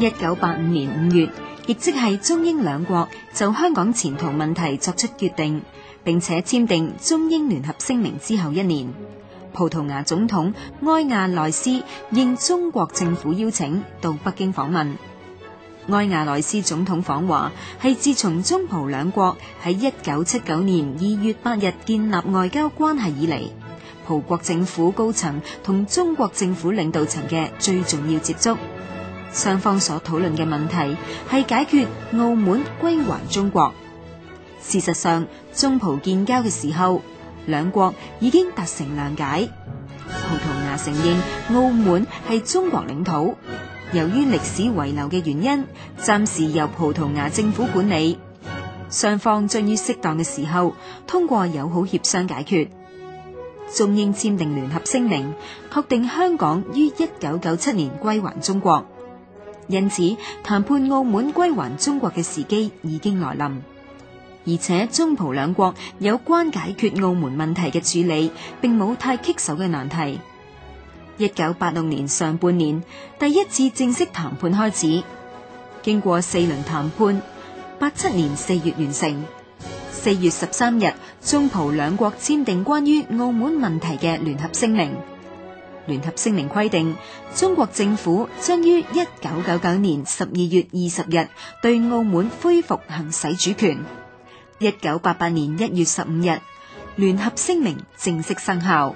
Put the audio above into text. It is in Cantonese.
一九八五年五月，亦即係中英兩國就香港前途問題作出決定，並且簽訂中英聯合聲明之後一年，葡萄牙總統埃亞內斯應中國政府邀請到北京訪問。埃亞內斯總統訪華，係自從中葡兩國喺一九七九年二月八日建立外交關係以嚟，葡國政府高層同中國政府領導層嘅最重要接觸。雙方所討論嘅問題係解決澳門歸還中國。事實上，中葡建交嘅時候，兩國已經達成諒解。葡萄牙承認澳門係中國領土，由於歷史遺留嘅原因，暫時由葡萄牙政府管理。雙方將於適當嘅時候通過友好協商解決。中英簽訂聯合聲明，確定香港於一九九七年歸還中國。因此，談判澳門歸還中國嘅時機已經來臨，而且中葡兩國有關解決澳門問題嘅處理，並冇太棘手嘅難題。一九八六年上半年，第一次正式談判開始，經過四輪談判，八七年四月完成。四月十三日，中葡兩國簽訂關於澳門問題嘅聯合聲明。聯合聲明規定，中國政府將於一九九九年十二月二十日對澳門恢復行使主權。一九八八年一月十五日，聯合聲明正式生效。